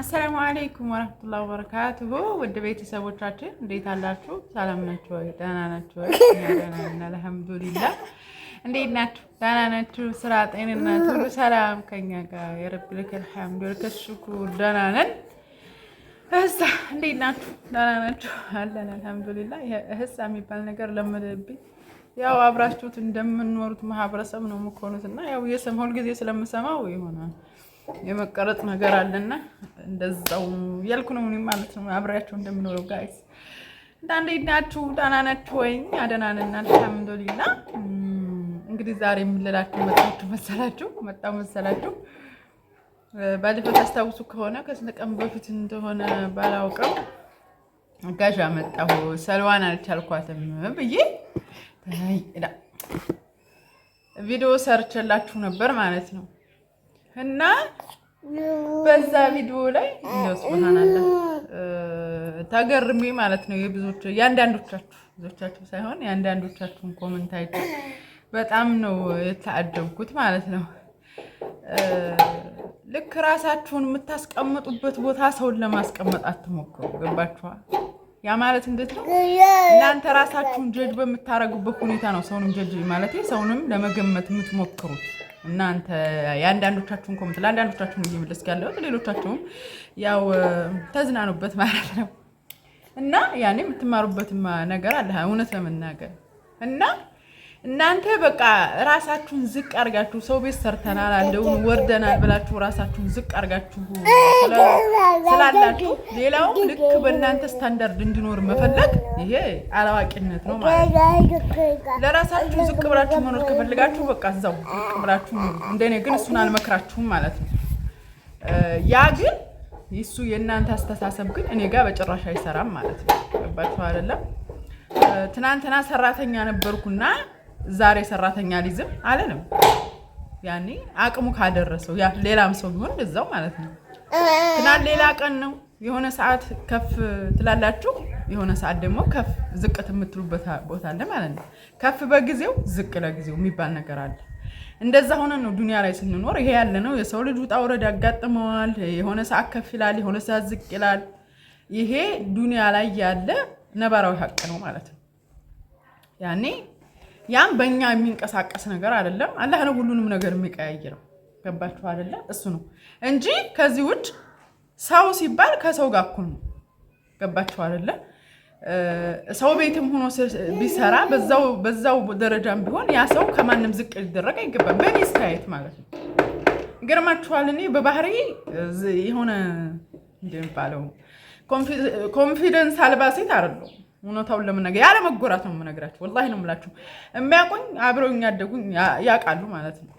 አሰላሙ አለይኩም ወረህመቱላሂ ወበረካቱሁ። ውድ ቤተሰቦቻችን እንዴት አላችሁ? ሰላም ናችሁ ወይ? ደህና ናችሁ ወይ? አልሐምዱሊላህ። እንዴት ናችሁ? ደህና ናችሁ? ስራ፣ ጤንነት ሁሉ ሰላም ከኛ ጋር የረብልክ አልሐምዱ ከሽኩር ደህና ነን። እህሳ እንዴት ናችሁ? ደህና ናችሁ? አለን አልሐምዱሊላህ። እህሳ የሚባል ነገር ለመደብኝ ያው አብራችሁት እንደምንኖሩት ማህበረሰብ ነው የምኮኑት እና ያው የሰማ ሁልጊዜ ስለምሰማው የሆነ የመቀረጥ ነገር አለና እንደዛው ያልኩ ነው እኔም ማለት ነው አብሬያችሁ እንደምኖረው ጋይስ እንዳንዴ እንዴት ናችሁ? ደህና ናችሁ ወይ? እኛ ደህና ነን አልሐምዱሊላ። እንግዲህ ዛሬ የምልላችሁ መጣችሁ መሰላችሁ መጣሁ መሰላችሁ። ባለፈው ታስታውሱ ከሆነ ከስንት ቀን በፊት እንደሆነ ባላውቀው ጋዣ መጣሁ ሰልዋን አልቻልኳትም ብዬ ቪዲዮ ሰርችላችሁ ነበር ማለት ነው። እና በዛ ቪዲዮ ላይ እንደው ተገርሜ ማለት ነው የብዙዎች የአንዳንዶቻችሁ ብዙዎቻችሁ ሳይሆን የአንዳንዶቻችሁን ኮመንት አይቼ በጣም ነው የተአደብኩት ማለት ነው። ልክ ራሳችሁን የምታስቀምጡበት ቦታ ሰውን ለማስቀመጥ አትሞክሩ። ገባችኋል? ያ ማለት እንዴት ነው? እናንተ ራሳችሁን ጀጅ በምታረጉበት ሁኔታ ነው ሰውንም ጀጅ ማለት ሰውንም ለመገመት የምትሞክሩት እናንተ የአንዳንዶቻችሁን ኮመንት ለአንዳንዶቻችሁን እየመለስ ያለሁት ሌሎቻችሁም ያው ተዝናኑበት ማለት ነው እና ያኔ የምትማሩበት ነገር አለ እውነት ለመናገር እና እናንተ በቃ ራሳችሁን ዝቅ አርጋችሁ ሰው ቤት ሰርተናል አንደውን ወርደናል ብላችሁ ራሳችሁን ዝቅ አርጋችሁ ስላላችሁ ሌላው ልክ በእናንተ ስታንዳርድ እንዲኖር መፈለግ ይሄ አላዋቂነት ነው ማለት ነው። ለራሳችሁ ዝቅ ብላችሁ መኖር ከፈልጋችሁ በቃ እዛው ዝቅ ብላችሁ እንደኔ ግን እሱን አልመክራችሁም ማለት ነው። ያ ግን እሱ የእናንተ አስተሳሰብ ግን እኔ ጋር በጭራሽ አይሰራም ማለት ነው። ገባችሁ አይደለም? ትናንትና ሰራተኛ ነበርኩና ዛሬ ሰራተኛ ሊዝም አለንም። ያኔ አቅሙ ካደረሰው ሌላም ሰው ቢሆን እዛው ማለት ነው። ትናንት ሌላ ቀን ነው። የሆነ ሰዓት ከፍ ትላላችሁ፣ የሆነ ሰዓት ደግሞ ከፍ ዝቅት የምትሉበት ቦታ አለ ማለት ነው። ከፍ በጊዜው ዝቅ ለጊዜው የሚባል ነገር አለ። እንደዛ ሆነ ነው ዱንያ ላይ ስንኖር ይሄ ያለ ነው። የሰው ልጅ ውጣ ውረድ ያጋጥመዋል። የሆነ ሰዓት ከፍ ይላል፣ የሆነ ሰዓት ዝቅ ይላል። ይሄ ዱንያ ላይ ያለ ነባራዊ ሀቅ ነው ማለት ነው ያኔ ያም በእኛ የሚንቀሳቀስ ነገር አይደለም። አላህ ነው ሁሉንም ነገር የሚቀያይረው። ገባችሁ አይደለ? እሱ ነው እንጂ ከዚህ ውጭ ሰው ሲባል ከሰው ጋር እኩል ነው። ገባችሁ አይደለ? ሰው ቤትም ሆኖ ቢሰራ በዛው ደረጃም ቢሆን ያ ሰው ከማንም ዝቅ ሊደረግ አይገባም። በእኔ አስተያየት ማለት ነው። ይገርማችኋል። እኔ በባህሪ የሆነ እንደሚባለው ኮንፊደንስ አልባ ሴት አይደለሁም እውነታውን ለምነገር ያለ መጎራት ነው የምነግራቸው። ወላሂ ነው የምላችሁ። የሚያውቁኝ አብረውኝ ያደጉኝ ያውቃሉ ማለት ነው።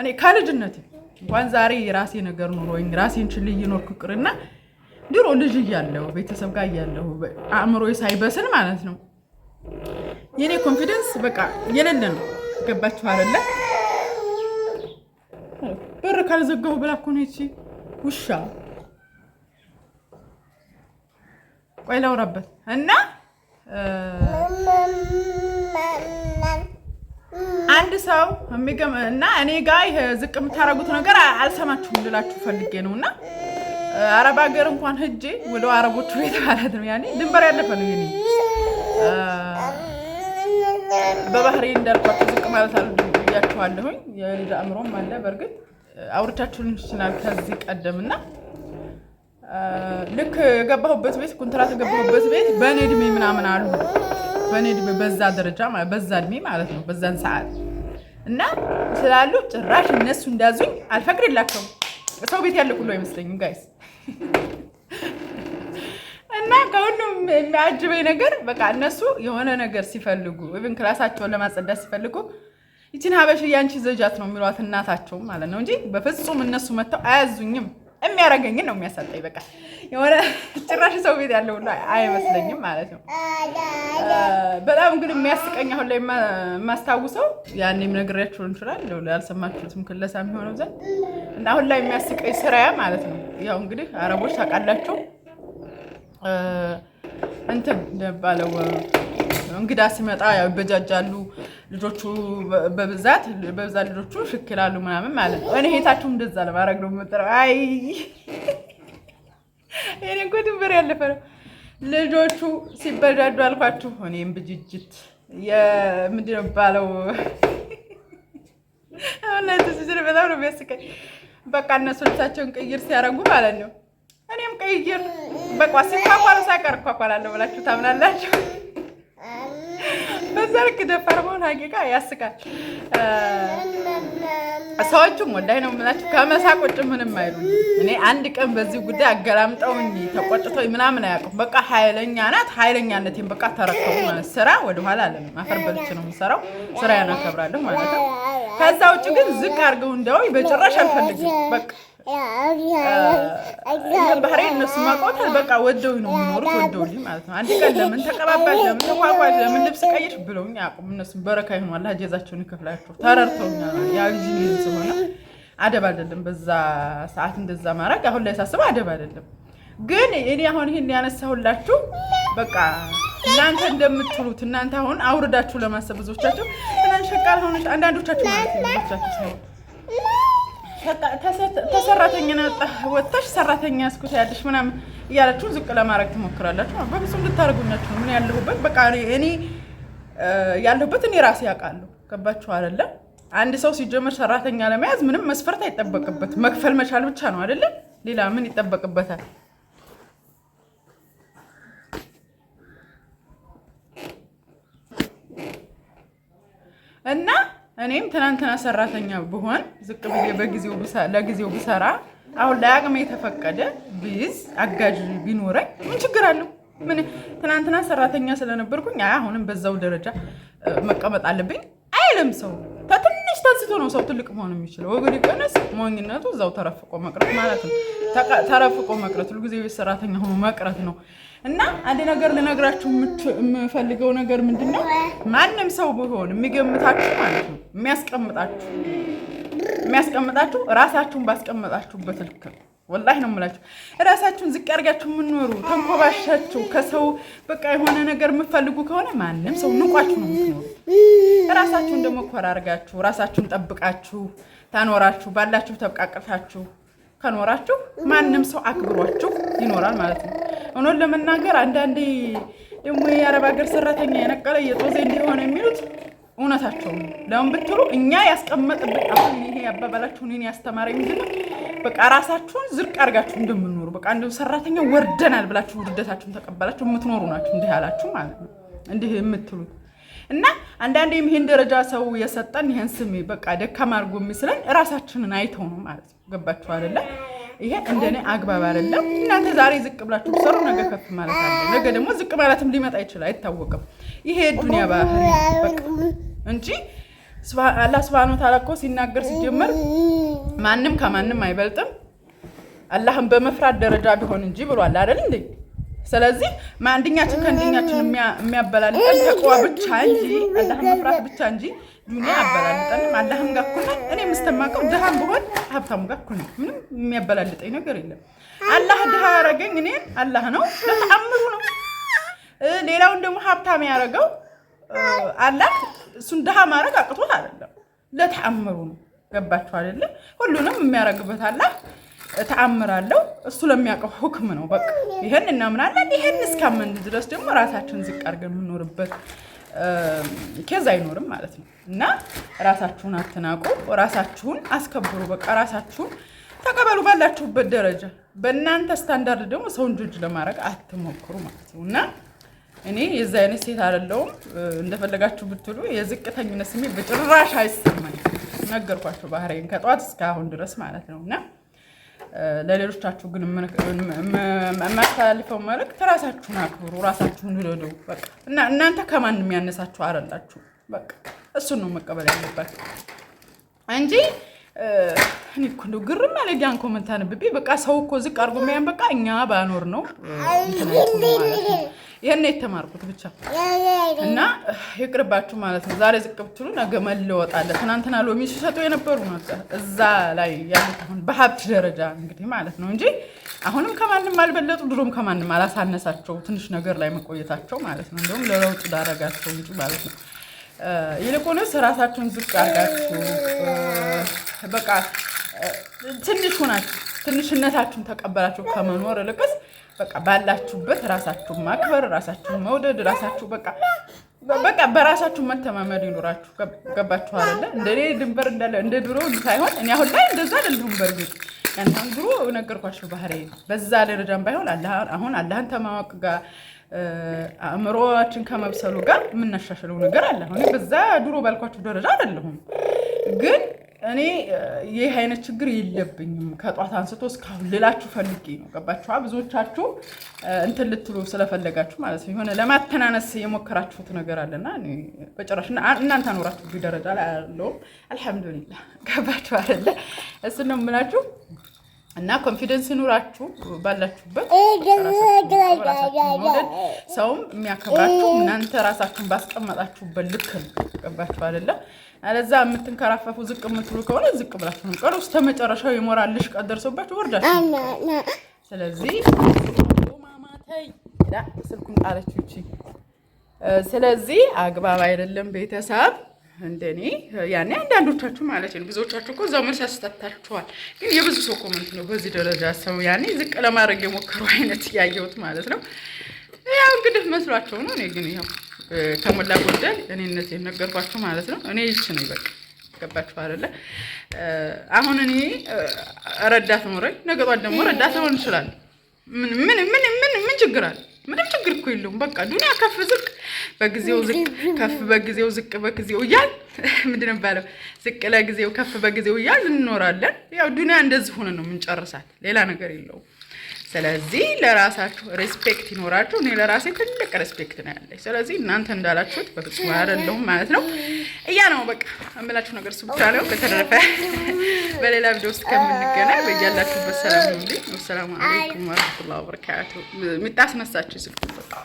እኔ ከልጅነት እንኳን ዛሬ የራሴ ነገር ኑሮኝ ራሴን ችል እየኖርኩ ቅርና ድሮ ልጅ እያለሁ ቤተሰብ ጋር እያለሁ አእምሮ ሳይበስል ማለት ነው የኔ ኮንፊደንስ በቃ የሌለ ነው። ገባችሁ አይደለ? በር ካልዘጋሁ ብላ እኮ ነው ውሻ። ቆይ ላውራበት እና አንድ ሰው እና እኔ ጋ ዝቅ የምታደርጉት ነገር አልሰማችሁም ልላችሁ ፈልጌ ነው። እና አረብ ሀገር እንኳን ሂጄ ወደ አረቦቹ ቤት ማለት ነው ያኔ ድንበር ያለፈ ነው ይሄኔ በባህሬ እንዳልኳችሁ ዝቅ ማለት አሉ ብያችኋለሁኝ። የልጅ አእምሮም አለ በእርግጥ አውርቻችሁን ይችላል ከዚህ ቀደምና ልክ የገባሁበት ቤት ኩንትራት የገባሁበት ቤት በእኔ እድሜ ምናምን አሉ። በእኔ እድሜ በዛ ደረጃ በዛ እድሜ ማለት ነው በዛን ሰዓት እና ስላሉ ጭራሽ እነሱ እንዳዙኝ አልፈቅድላቸውም። ሰው ቤት ያለ ሁሉ አይመስለኝም ጋይስ። እና ከሁሉም የሚያጅበኝ ነገር በቃ እነሱ የሆነ ነገር ሲፈልጉ ኢቭን ክላሳቸውን ለማጸዳት ሲፈልጉ ይችን ሀበሽ ያንቺ ዘጃት ነው የሚሏት እናታቸው ማለት ነው እንጂ በፍጹም እነሱ መጥተው አያዙኝም። የሚያደርገኝን ነው የሚያሳጣኝ። በቃ የሆነ ጭራሽ ሰው ቤት ያለው ሁሉ አይመስለኝም ማለት ነው። በጣም ግን የሚያስቀኝ አሁን ላይ የማስታውሰው ያኔም ነግሬያችሁ እንችላል ያልሰማችሁትም ክለሳ የሚሆነው ዘንድ እና አሁን ላይ የሚያስቀኝ ስራያ ማለት ነው። ያው እንግዲህ አረቦች ታውቃላችሁ እንትን ባለው ነው። እንግዳ ሲመጣ ያው ይበጃጃሉ ልጆቹ በብዛት በብዛት ልጆቹ ሽክላሉ ምናምን ማለት ነው። እኔ ሄታችሁ እንደዛ ለማድረግ ነው የምጥረው። አይ እኔ እኮ ድንበር ያለፈ ነው። ልጆቹ ሲበጃጁ አልኳችሁ። እኔም ብጅጅት የምንድን ነው የሚባለው? አሁን ላይ ትስስር በጣም ነው የሚያስቀኝ። በቃ እነሱ ልብሳቸውን ቅይር ሲያደርጉ ማለት ነው። እኔም ቅይር በቋ ሲኳኳሉ ሳቀር እኳኳላለሁ ብላችሁ ታምናላችሁ? በዛ ልክ ደፋር መሆን ሀቂቃ ያስቃል። ሰዎቹም ወላሂ ነው የምላቸው ከመሳቅ ውጭ ምንም አይሉ። እኔ አንድ ቀን በዚህ ጉዳይ አገላምጠውኝ ተቆጭቶኝ ምናምን አያውቁም። በቃ ኃይለኛ ናት፣ ኃይለኛነቴን በቃ ተረከቡ ስራ ወደኋላ አለ አፈር በልች ነው የምሰራው። ስራ ያናከብራለሁ ማለት ነው። ከዛ ውጭ ግን ዝቅ አድርገው እንዳውኝ በጭራሽ አልፈልግም በቃ ይህን ባህሪ እነሱ ማቋታል። በቃ ወደው ነው የሚኖሩት፣ ወደውልኝ ማለት ነው። አንድ ቀን ለምን ተቀባባሽ፣ ለምን ተቋቋሽ፣ ለምን ልብስ ቀይር ብለውኝ አያውቁም። እነሱም በረካ ይሆኑ አላህ ጀዛቸውን ይከፍላቸው። ተረድተውኛል። ያ ልጅ ስለሆነ አደብ አይደለም በዛ ሰዓት እንደዛ ማድረግ። አሁን ላይ ሳስብ አደብ አይደለም። ግን እኔ አሁን ይህን ያነሳሁላችሁ በቃ እናንተ እንደምትሉት እናንተ አሁን አውርዳችሁ ለማሰብ ብዙዎቻችሁ ትናንሽ ቃል ሆነች አንዳንዶቻችሁ ማለት ነው ተሰራተኛ ነጣ ወጥተሽ ሰራተኛ ያስኩት ያለሽ ምናምን እያላችሁን ዝቅ ለማድረግ ትሞክራላችሁ። በፍጹም ልታደርጉኛችሁ ምን ያለሁበት በቃ እኔ ያለሁበት እኔ ራሴ ያውቃለሁ። ገባችሁ አይደለም? አንድ ሰው ሲጀመር ሰራተኛ ለመያዝ ምንም መስፈርት አይጠበቅበት፣ መክፈል መቻል ብቻ ነው አይደለም? ሌላ ምን ይጠበቅበታል? እና እኔም ትናንትና ሰራተኛ ብሆን ዝቅ ብዬ ለጊዜው ብሰራ አሁን ላይ አቅሜ የተፈቀደ ብይዝ አጋዥ ቢኖረኝ ምን ችግር አለው? ምን ትናንትና ሰራተኛ ስለነበርኩኝ አሁንም በዛው ደረጃ መቀመጥ አለብኝ አይልም ሰው። ከትንሽ ተንስቶ ነው ሰው ትልቅ መሆን የሚችለው። ወገዱ ቀነስ ሞኝነቱ እዛው ተረፍቆ መቅረት ማለት ነው። ተረፍቆ መቅረት ሁልጊዜ ቤት ሰራተኛ ሆኖ መቅረት ነው። እና አንድ ነገር ልነግራችሁ የምፈልገው ነገር ምንድን ነው? ማንም ሰው ቢሆን የሚገምታችሁ ማለት ነው የሚያስቀምጣችሁ የሚያስቀምጣችሁ ራሳችሁን ባስቀመጣችሁበት ልክ ወላሂ ነው የምላችሁ። ራሳችሁን ዝቅ አድርጋችሁ የምንኖሩ ተንኮባሻችሁ ከሰው በቃ የሆነ ነገር የምፈልጉ ከሆነ ማንም ሰው ንቋችሁ ነው የምትኖሩ። ራሳችሁን ደግሞ ኮራ አድርጋችሁ ራሳችሁን ጠብቃችሁ ታኖራችሁ ባላችሁ ተብቃቅፋችሁ ከኖራችሁ ማንም ሰው አክብሯችሁ ይኖራል ማለት ነው። እውነት ለመናገር አንዳንዴ ደግሞ የአረብ ሀገር ሰራተኛ የነቀለ እየጦዘ እንዲሆነ የሚሉት እውነታቸው ነው። ለምን ብትሉ እኛ ያስቀመጥብን አሁን ይሄ ያባባላችሁ እኔን ያስተማረኝ ምንድን ነው? በቃ ራሳችሁን ዝቅ አድርጋችሁ እንደምንኖሩ በቃ እንደ ሰራተኛ ወርደናል ብላችሁ ውርደታችሁን ተቀበላችሁ የምትኖሩ ናችሁ። እንዲህ ያላችሁ ማለት ነው እንዲህ የምትሉት እና አንዳንዴም ይሄን ደረጃ ሰው የሰጠን ይህን ስሜ በቃ ደካማ አድርጎ የሚስለን ራሳችንን አይተው ነው ማለት ነው። ገባችሁ አይደለም? ይሄ እንደኔ አግባብ አይደለም። እናንተ ዛሬ ዝቅ ብላችሁ ሰሩ፣ ነገ ከፍ ማለት አለ። ነገ ደግሞ ዝቅ ማለትም ሊመጣ ይችላል፣ አይታወቅም። ይሄ ዱኒያ ባህሪ እንጂ አላህ ስብሃነ ወተዓላ እኮ ሲናገር ሲጀምር ማንም ከማንም አይበልጥም አላህን በመፍራት ደረጃ ቢሆን እንጂ ብሏል አይደል እንዴ? ስለዚህ አንደኛችን ከአንደኛችን የሚያበላልቀን ተቋ ብቻ እንጂ አላህን መፍራት ብቻ እንጂ ዱኒያ አበላልጠንም አላህም ጋር እኩል ነን። እኔ የምስተማቀው ድሃም ብሆን ሀብታሙ ጋር እኩል ነን። ምንም የሚያበላልጠኝ ነገር የለም። አላህ ድሃ ያረገኝ እኔ አላህ ነው፣ ለተአምሩ ነው። ሌላውን ደግሞ ሀብታም ያረገው አላህ እሱን ድሃ ማድረግ አቅቶት አይደለም፣ ለተአምሩ ነው። ገባችሁ አይደለ? ሁሉንም የሚያረግበት አላህ ተአምር እሱ ለሚያውቀው ሁክም ነው። በቃ ይህን እናምናለን። ይህን እስካመን ድረስ ደግሞ ራሳችን ዝቅ አድርገን የምንኖርበት ኬዝ አይኖርም ማለት ነው። እና ራሳችሁን አትናቁ፣ ራሳችሁን አስከብሩ። በቃ ራሳችሁን ተቀበሉ ባላችሁበት ደረጃ። በእናንተ ስታንዳርድ ደግሞ ሰውን ጆጅ ለማድረግ አትሞክሩ ማለት ነው እና እኔ የዚህ አይነት ሴት አይደለሁም። እንደፈለጋችሁ ብትሉ የዝቅተኝነት ስሜት በጭራሽ አይሰማኝ። ነገርኳቸው ባህሬን ከጠዋት እስከ አሁን ድረስ ማለት ነው እና ለሌሎቻችሁ ግን የማስተላልፈው መልእክት ራሳችሁን አክብሩ፣ ራሳችሁን ውደዱ። እና እናንተ ከማንም የሚያነሳችሁ አይደላችሁ። በቃ እሱን ነው መቀበል ያለበት እንጂ እኔ እኮ እንደው ግርም አለኝ። ያን ኮመንት አንብቤ በቃ ሰው እኮ ዝቅ አድርጎ የሚያን በቃ እኛ ባኖር ነው ይሄን ነው የተማርኩት ብቻ እና ይቅርባችሁ ማለት ነው። ዛሬ ዝቅ ብትሉ ነገ መለወጥ አለ። ትናንትና ሎሚ ሲሰጡ የነበሩ እዛ ላይ ያሉት አሁን በሀብት ደረጃ እንግዲህ ማለት ነው እንጂ አሁንም ከማንም አልበለጡ፣ ድሮም ከማንም አላሳነሳቸው ትንሽ ነገር ላይ መቆየታቸው ማለት ነው። እንዲሁም ለለውጥ ዳረጋቸው እንጂ ማለት ነው። ይልቁንስ ራሳችሁን ዝቅ አርጋችሁ በቃ ትንሽ ሁናችሁ ትንሽነታችሁን ተቀበላችሁ ከመኖር ልቅስ በቃ ባላችሁበት ራሳችሁን ማክበር፣ ራሳችሁ መውደድ፣ ራሳችሁ በቃ በቃ በራሳችሁ መተማመን ይኖራችሁ። ገባችሁ አይደለ? እንደኔ ድንበር እንዳለ እንደ ድሮ ሳይሆን እኔ አሁን ላይ እንደዛ አይደለሁም። በርግጥ ያን አሁን ድሮ ነገርኳችሁ ባህሪ በዛ ደረጃም ባይሆን አሁን አላህን ተማወቅ ጋር አእምሮችን ከመብሰሉ ጋር የምናሻሽለው ነገር አለ። አሁን በዛ ድሮ ባልኳችሁ ደረጃ አይደለሁም ግን እኔ ይህ አይነት ችግር የለብኝም ከጧት አንስቶ እስካሁን ልላችሁ ፈልጌ ነው። ገባችኋ? ብዙዎቻችሁ እንትን ልትሉ ስለፈለጋችሁ ማለት ነው የሆነ ለማተናነስ የሞከራችሁት ነገር አለና በጭራሽ እናንተ አኖራችሁ ደረጃ ላይ አለውም። አልሐምዱሊላ ገባችሁ አለ። እሱን ነው የምላችሁ። እና ኮንፊደንስ ይኑራችሁ ባላችሁበት። ሰውም የሚያከብራችሁ እናንተ ራሳችሁን ባስቀመጣችሁበት ልክ ነው። ገባችሁ አይደለም? አለዛ የምትንከራፈፉ ዝቅ የምትሉ ከሆነ ዝቅ ብላችሁ ቀሩ። እስከ መጨረሻው የሞራል ልሽቀት ደርሶባችሁ ወርዳችሁ። ስለዚህ ማማተይ ስልኩን ጣለችው እቺ። ስለዚህ አግባብ አይደለም ቤተሰብ እንደኔ ያኔ አንዳንዶቻችሁ ማለት ነው። ብዙዎቻችሁ እኮ እዛው መልስ ያስጠታችኋል። ግን የብዙ ሰው ኮመንት ነው በዚህ ደረጃ ሰው ያኔ ዝቅ ለማድረግ የሞከሩ አይነት ያየሁት ማለት ነው። ያው እንግዲህ መስሏቸው ነው። እኔ ግን ያው ከሞላ ጎደል እኔ እነዚህ የነገርኳችሁ ማለት ነው። እኔ ይች ነው ይበቅ ገባችሁ አይደለ? አሁን እኔ ረዳት ኖረኝ፣ ነገ ጧት ደግሞ ረዳት ሆን ይችላል። ምን ምን ምን ምን ችግር አለ? ምንም ችግር እኮ የለውም። በቃ ዱኒያ ከፍ ዝቅ በጊዜው ዝቅ ከፍ በጊዜው ዝቅ በጊዜው እያል ምንድን ባለው ዝቅ ለጊዜው ከፍ በጊዜው እያል እንኖራለን። ያው ዱኒያ እንደዚህ ሆነ ነው የምንጨርሳት። ሌላ ነገር የለውም። ስለዚህ ለራሳችሁ ሬስፔክት ይኖራችሁ። እኔ ለራሴ ትልቅ ሬስፔክት ነው ያለኝ። ስለዚህ እናንተ እንዳላችሁት በፍጹም አይደለሁም ማለት ነው። እያ ነው በቃ እምላችሁ ነገር እሱ ብቻ ነው። በተረፈ በሌላ ቪዲዮ ውስጥ ከምንገናኝ በያላችሁበት ሰላም ሁሉ። ወሰላሙ አለይኩም ወረህመቱላሂ ወበረካቱ። ምጣስ መሳችሁ ስልኩን በቃ